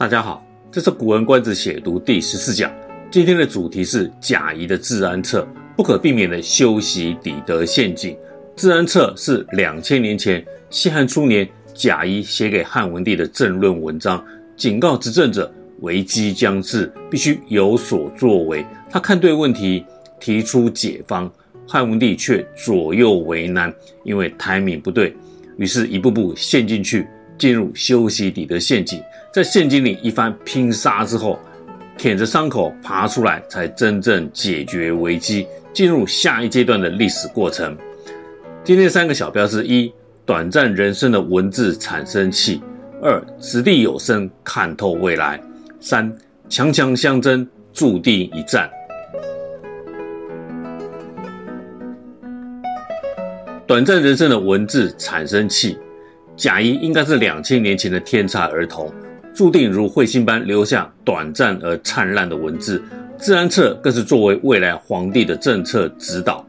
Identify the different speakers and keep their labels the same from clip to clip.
Speaker 1: 大家好，這是《古文觀止》解讀第十四講。今天的主題是賈誼的《治安策》，不可避免的修昔底德陷阱。《治安策》是兩千年前西漢初年賈誼寫給漢文帝的政論文章，警告執政者危機將至，必須有所作為。他看對問題，提出解方，漢文帝却左右為難，因為 timing 不對，於是一步步陷進去，進入修昔底德陷阱。在陷阱裡一番拼殺之後，舔着傷口爬出來，才真正解決危機，進入下一階段的歷史過程。今天三個小標是：一、短暫人生的文字產生器；二、此地有聲，看透未來；三、強強相爭，注定一戰。短暫人生的文字產生器，賈誼應該是兩千年前的天才兒童。注定如彗星般留下短暫而燦爛的文字。《治安策》更是作為未來皇帝的政策指導。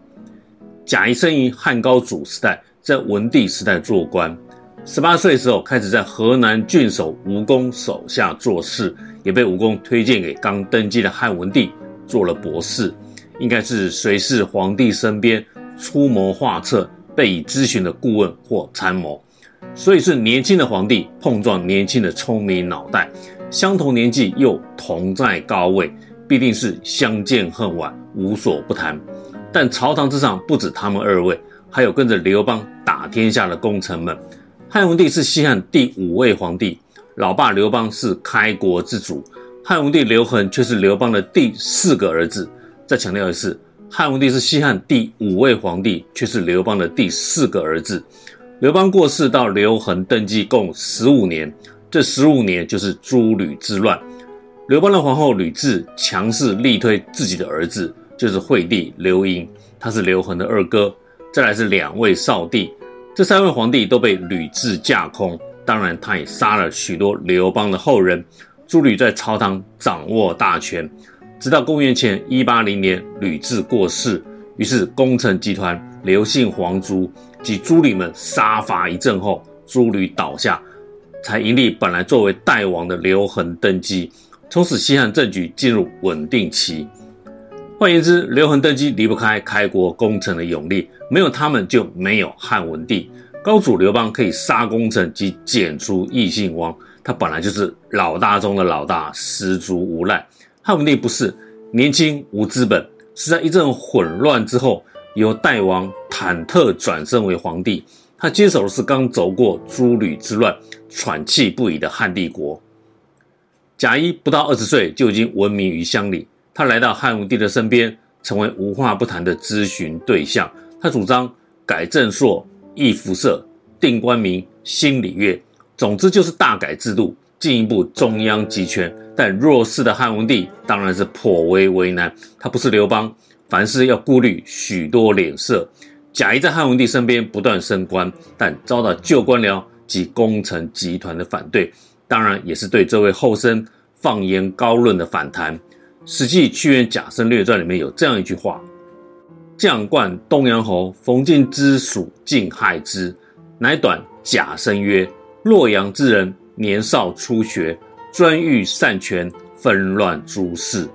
Speaker 1: 賈誼生於漢高祖時代，在文帝時代做官。十八歲時候開始在河南郡守吳公手下做事，也被吳公推薦給剛登基的漢文帝，做了博士，應該是隨侍皇帝身邊出謀劃策、備以諮詢的顧問或參謀。所以是年輕的皇帝碰撞年輕的聰明腦袋，相同年紀又同在高位，必定是相見恨晚，無所不談。但朝堂之上不止他們二位，還有跟着劉邦打天下的功臣們。漢文帝是西漢第五位皇帝，老爸劉邦是開國之主，漢文帝劉恆卻是劉邦的第四個兒子。再強調一次，漢文帝是西漢第五位皇帝，卻是劉邦的第四個兒子。劉邦過世到劉恆登基共十五年，這十五年就是諸呂之亂。劉邦的皇后呂雉強勢力推自己的兒子，就是惠帝劉盈，他是劉恆的二哥。再來是兩位少帝，這三位皇帝都被呂雉架空。當然，他也殺了許多劉邦的後人。諸呂在朝堂掌握大權，直到公元前一八零年呂雉過世，於是功臣集團。劉姓皇族及諸呂們殺伐一陣後，諸呂倒下，才迎立本來作為代王的劉恆登基，從此西漢政局進入穩定期。換言之，劉恆登基離不開開國功臣的擁立，沒有他們就沒有漢文帝。高祖劉邦可以殺功臣及剪除異姓王，他本來就是老大中的老大，十足無賴。漢文帝不是年輕無資本，是在一陣混亂之後，由代王忐忑轉身為皇帝，他接手的是剛走過諸呂之亂、喘氣不已的漢帝國。賈誼不到二十歲就已經聞名於鄉里，他來到漢文帝的身邊，成為無話不談的諮詢對象。他主張改正朔、易服色、定官名、興禮樂，總之就是大改制度，進一步中央集權。但弱勢的漢文帝當然是頗為為難，他不是劉邦。凡事要顧慮許多臉色。賈誼在漢文帝身邊不斷升官，但遭到舊官僚及功臣集團的反對，當然也是對這位後生放言高論的反彈。七七《史記·屈原賈生列傳》裡面有這樣一句話：“將冠東陽侯馮敬之屬，盡害之。乃短賈生曰：‘洛陽之人，年少初學，專欲擅權，紛亂諸事。’”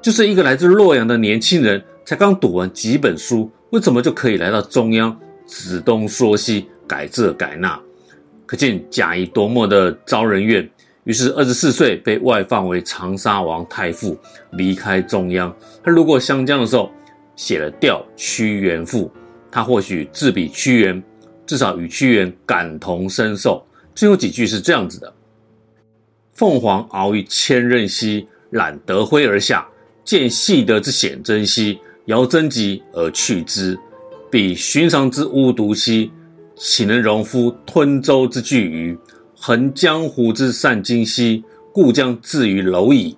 Speaker 1: 就是一個來自洛陽的年輕人才剛讀完幾本書，為什麼就可以來到中央指東說西改這改那？可見賈誼多麼的招人怨。於是二十四歲被外放為長沙王太傅，離開中央。他路過湘江的時候，寫了《弔屈原賦》。他或許自比屈原，至少與屈原感同身受。最後幾句是這樣子的：“鳳凰翱於千仞兮，覽德輝而下。”見細德之險徵兮，遙曾擊而去之；彼尋常之污瀆兮，豈能容夫吞舟之巨魚？橫江湖之善金兮，固將制於螻蟻。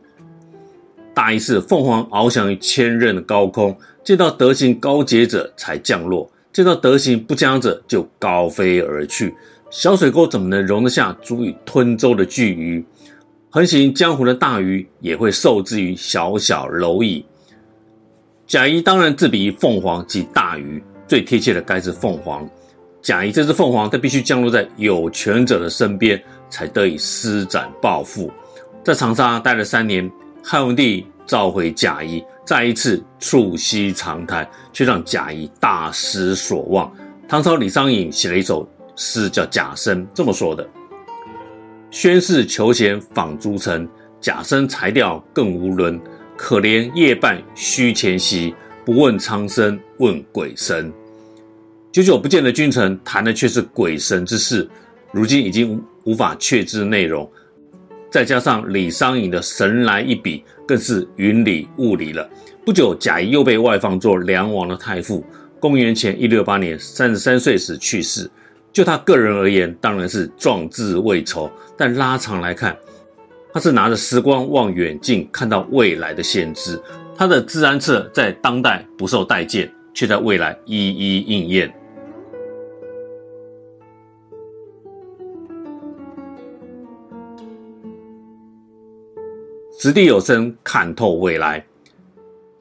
Speaker 1: 大意是：鳳凰翱翔於千仞的高空，見到德行高潔者才降落；見到德行不佳者就高飛而去。小水溝怎麼能容得下足以吞舟的巨魚？橫行江湖的大魚也會受制於小小螻蟻。賈誼當然自比鳳凰及大魚，最貼切的該是鳳凰。賈誼這只鳳凰，他必須降落在有權者的身邊，才得以施展抱負。在長沙待了三年，漢文帝召回賈誼，再一次促膝長談，卻讓賈誼大失所望。唐朝李商隱寫了一首詩，叫《賈生》，這麼說的。宣室求賢訪逐臣，賈生才調更無倫。可憐夜半虛前席，不問蒼生問鬼神。久久不見的君臣，談的卻是鬼神之事，如今已經無，無法確知內容。再加上李商隱的神來一筆，更是雲裡霧裡了。不久，賈誼又被外放做梁王的太傅。公元前一六八年，三十三歲時去世。就他個人而言，當然是壯志未酬；但拉長來看，他是拿着時光望遠鏡看到未來的先知。他的《治安策》在當代不受待見，卻在未來一一應驗。擲地有聲，看透未來。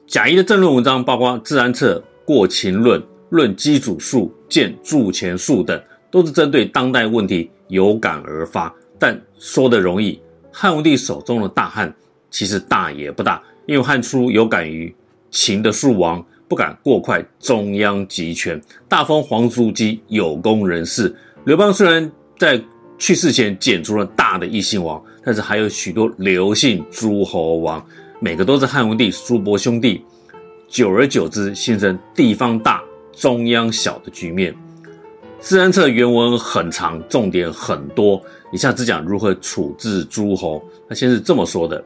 Speaker 1: 賈誼的政論文章，包括《治安策》過情論《過秦論》《論積貯疏》《諫鑄錢疏》等。都是針對當代問題有感而發，但說的容易。漢文帝手中的大漢其實大也不大，因為漢初有感於秦的速亡，不敢過快中央集權，大封皇叔及有功人士。劉邦雖然在去世前剪除了大的異姓王，但是還有許多劉姓諸侯王，每個都是漢文帝叔伯兄弟。久而久之，形成地方大、中央小的局面。治安策原文很長，重點很多，以下只講如何處置諸侯。他先是這麼說的：“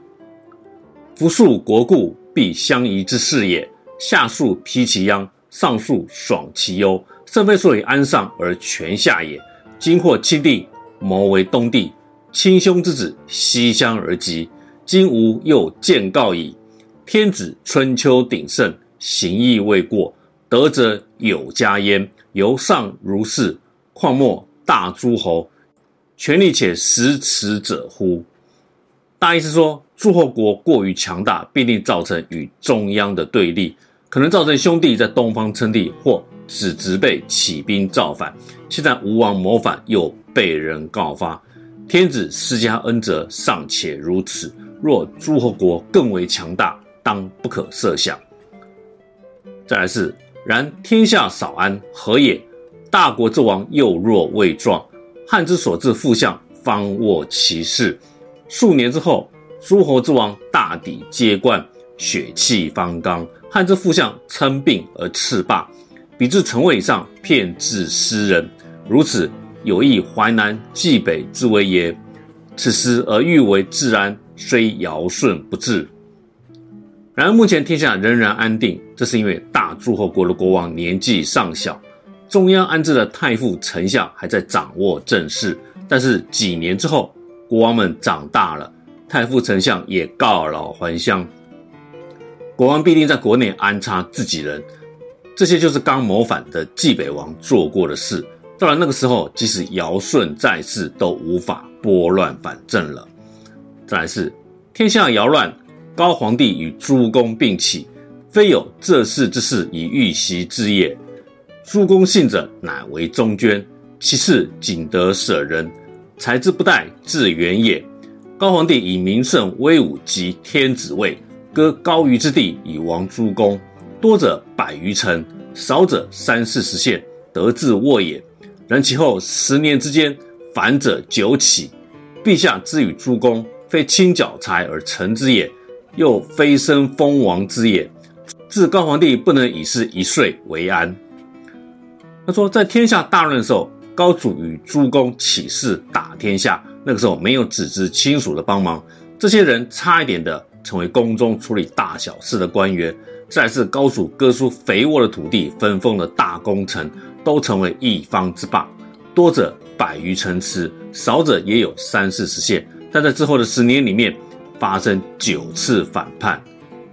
Speaker 1: 夫樹國固，必相疑之勢也。下數披其殃，上數爽其憂。甚非所以安上而全下也。今或親弟，謀為東帝；親兄之子，西鄉而擊，今吾又見告矣。天子春秋鼎盛，行義未過，德者有加焉。”由上如是，況莫大諸侯，權力且實持者乎？大意是說，諸侯國過於強大，必定造成與中央的對立，可能造成兄弟在東方稱帝，或使侄輩起兵造反。現在吳王謀反，又被人告發，天子施加恩澤尚且如此，若諸侯國更為強大，當不可設想。再來是。然天下少安何也？大國之王幼弱未壯，漢之所治傅相方握其勢。數年之後，諸侯之王大抵皆冠，血氣方剛，漢之傅相稱病而賜罷，彼自丞尉以上，徧置私人。如此，有意淮南、濟北之為邪。此時而欲為治安，雖堯舜不治。然而，目前天下仍然安定，這是因為大諸侯國的國王年紀尚小，中央安置的太傅、丞相還在掌握政事。但是幾年之後，國王們長大了，太傅、丞相也告老還鄉，國王必定在國內安插自己人。這些就是剛謀反的濟北王做過的事。到了那個時候，即使堯舜在世，都無法撥亂反正了。再來是天下搖亂。高皇帝與諸公並起，非有這世之勢以遇襲之也。諸公信者，乃為中涓；其次僅得舍人，才之不逮，至遠也。高皇帝以名聖威武，及天子位，割高於之地以王諸公，多者百餘城，少者三四十縣，得志沃也。然其後十年之間，反者九起，陛下之與諸公，非輕剿才而成之也。又非身封王之業，自高皇帝不能以是一歲為安。他說，在天下大亂的時候，高祖與諸公起事打天下，那個時候沒有子侄親屬的幫忙，這些人差一點的成為宮中處理大小事的官員；再次，高祖割出肥沃的土地，分封了大功臣，都成為一方之霸，多者百餘城池，少者也有三四十縣。但在之後的十年裡面，發生九次反叛，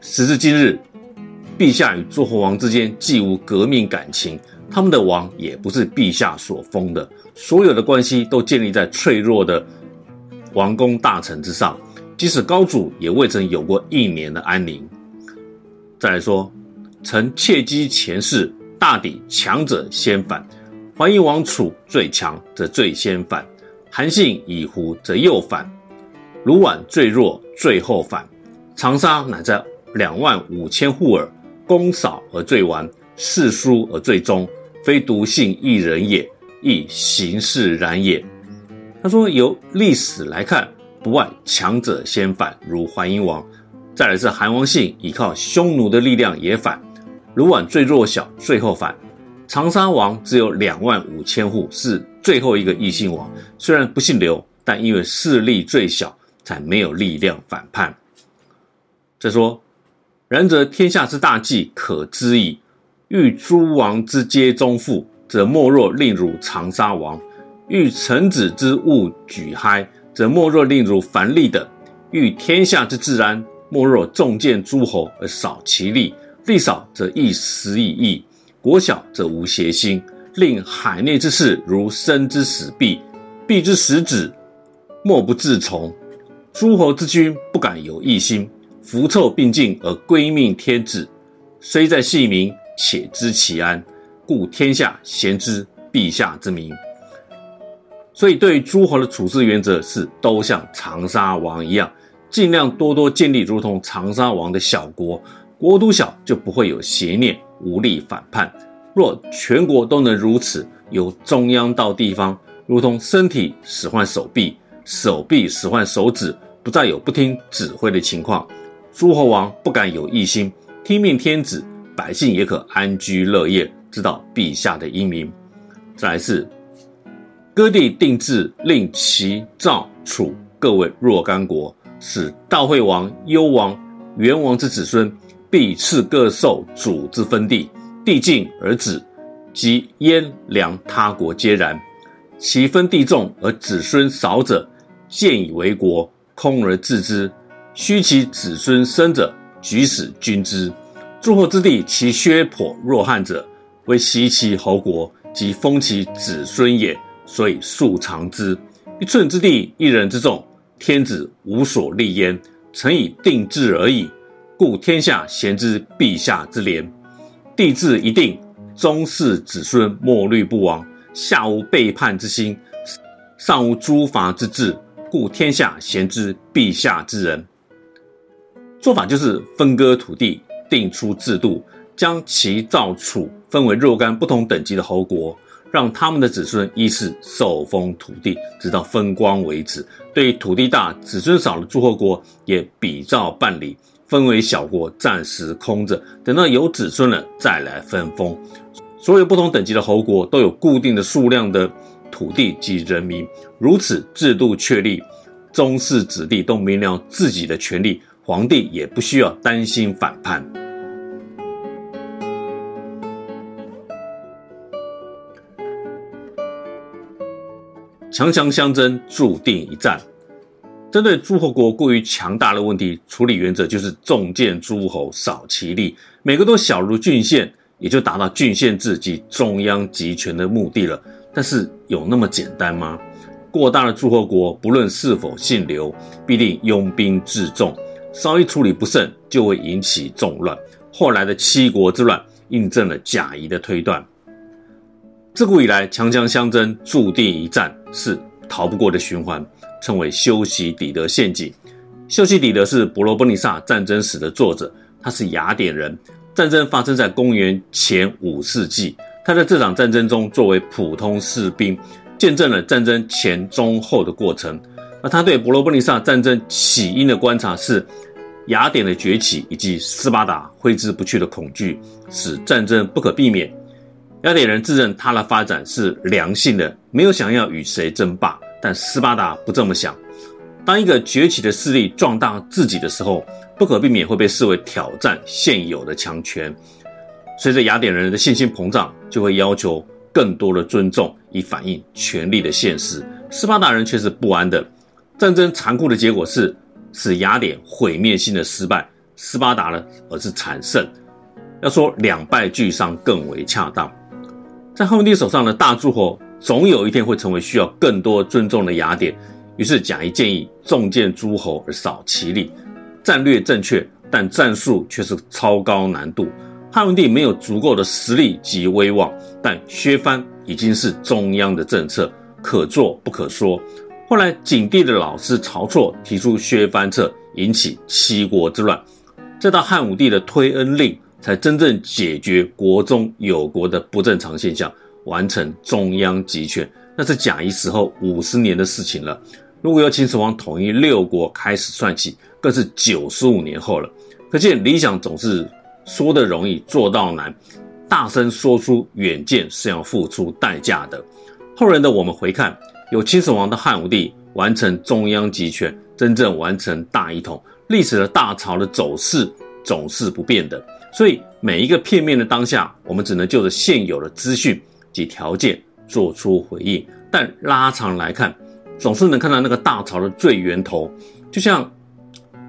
Speaker 1: 時至今日，陛下與諸侯王之間既無革命感情，他們的王也不是陛下所封的，所有的關係都建立在脆弱的王公大臣之上。即使高祖也未曾有過一年的安寧。再來說，臣竊跡前事，大抵強者先反，淮陰王楚最強則最先反，韓信以胡則又反。盧綰最弱，最後反；長沙乃在兩萬五千戶耳，功少而最完，勢疏而最忠，非獨性異人也，亦形勢然也。他說：“由歷史來看，不外強者先反，如淮陰王；再來是韓王信，依靠匈奴的力量也反；盧綰最弱小，最後反；長沙王只有兩萬五千戶，是最後一個異姓王。雖然不姓劉，但因為勢力最小。”但沒有力量反叛。再說，然則天下之大計可知矣。欲諸王之皆忠附，則莫若令如長沙王；欲臣子之勿菹醢，則莫若令如樊酈等；欲天下之治安，莫若眾建諸侯而少其力。力少則易使以義，國小則無邪心。令海內之勢，如身之使臂，臂之使指，莫不自從。諸侯之君不敢有異心，輻湊並進而歸命天子，雖在細民，且知其安，故天下咸知陛下之明。所以對於諸侯的處置原則是，都像長沙王一樣，盡量多多建立如同長沙王的小國，國都小就不會有邪念，無力反叛。若全國都能如此，由中央到地方，如同身體使喚手臂。手臂使喚手指，不再有不聽指揮的情況。諸侯王不敢有異心，聽命天子，百姓也可安居樂業，知道陛下的英明。再來是，割地定制令齊、趙、楚各為若干國，使悼惠王、幽王、元王之子孫，必賜各受主之分地，地盡而止，及燕、梁他國皆然。其分地眾而子孫少者。現以為國空而置之，須其子孫生者，舉使君之；諸侯之地，其削頗弱漢者，為襲其侯國，及封其子孫也，所以數償之。一寸之地，一人之眾，天子無所利焉，誠以定制而已。故天下鹹知，陛下之廉。地制一定，宗室子孫莫慮不王，下無背叛之心，上無誅伐之志。故天下咸知陛下之仁。做法就是分割土地，定出制度，將齊趙楚分為若干不同等級的侯國，讓他們的子孫依次受封土地，直到分光為止。對於土地大、子孫少的諸侯國，也比照辦理，分為小國，暫時空着，等到有子孫了再來分封。所有不同等級的侯國都有固定的數量的。土地及人民如此制度確立，宗室子弟都明了自己的權利，皇帝也不需要擔心反叛。強強相爭，注定一戰。針對諸侯國過於強大的問題，處理原則就是眾建諸侯，少其力，每個都小如郡縣，也就達到郡縣制及中央集權的目的了。但是有那麼簡單嗎？過大的諸侯國，不論是否姓劉，必定擁兵自重，稍一處理不慎，就會引起眾亂。後來的七國之亂，印證了賈誼的推斷。自古以來，強強相爭，注定一戰是逃不過的循環，稱為修昔底德陷阱。修昔底德是伯羅奔尼撒戰爭史的作者，他是雅典人，戰爭發生在公元前五世紀。他在這場戰爭中作為普通士兵，見證了戰爭前中後的過程。而他對伯羅奔尼撒戰爭起因的觀察是：雅典的崛起以及斯巴達揮之不去的恐懼，使戰爭不可避免。雅典人自認他的發展是良性的，沒有想要與誰爭霸。但斯巴達不這麼想。當一個崛起的勢力壯大自己的時候，不可避免會被視為挑戰現有的強權。隨着雅典人的信心膨脹，就會要求更多的尊重，以反映權力的現實。斯巴達人卻是不安的。戰爭殘酷的結果是使雅典毀滅性的失敗，斯巴達呢，而是慘勝。要說兩敗俱傷更為恰當。在漢文帝手上的大諸侯，總有一天會成為需要更多尊重的雅典。於是賈誼建議眾建諸侯而少其力，戰略正確，但戰術卻是超高難度。漢文帝沒有足夠的實力及威望，但削藩已經是中央的政策，可做不可說。後來景帝的老師晁錯提出削藩策，引起七國之亂。再到漢武帝的推恩令，才真正解決國中有國的不正常現象，完成中央集權。那是賈誼死後五十年的事情了。如果由秦始皇統一六國開始算起，更是九十五年後了。可見理想總是。說得容易做到難，大聲說出遠見是要付出代價的。後人的我們回看，有秦始皇的漢武帝完成中央集權，真正完成大一統。歷史的大潮的走勢總是不變的，所以每一個片面的當下，我們只能就着現有的資訊及條件做出回應。但拉長來看，總是能看到那個大潮的最源頭。就像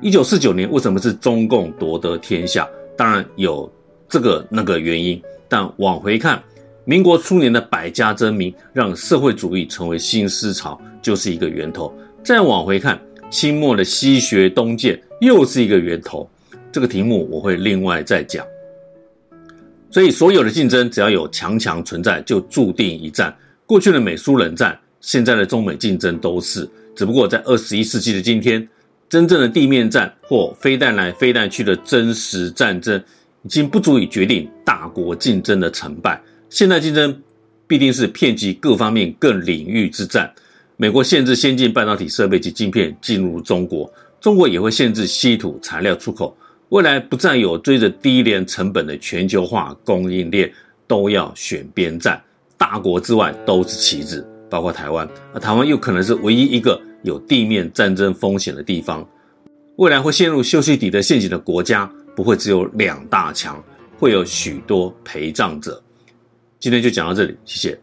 Speaker 1: 一九四九年，為什麼是中共奪得天下？當然有這個那個原因，但往回看，民國初年的百家爭鳴讓社會主義成為新思潮，就是一個源頭；再往回看，清末的西學東漸又是一個源頭。這個題目我會另外再講。所以，所有的競爭，只要有強強存在，就注定一戰。過去的美蘇冷戰，現在的中美競爭都是，只不過在二十一世紀的今天，真正的地面戰或飛彈來飛彈去的真實戰爭，已經不足以決定大國競爭的成敗。現代競爭必定是遍及各方面、各領域之戰。美國限制先進半導體設備及晶片進入中國，中國也會限制稀土材料出口。未來不再有追着低廉成本的全球化供應鏈，都要選邊站。大國之外都是棋子，包括台灣。而台灣又可能是唯一一個。有地面戰爭風險的地方，未來會陷入修昔底德陷阱的國家，不會只有兩大強，會有許多陪葬者。今天就講到這裡，謝謝。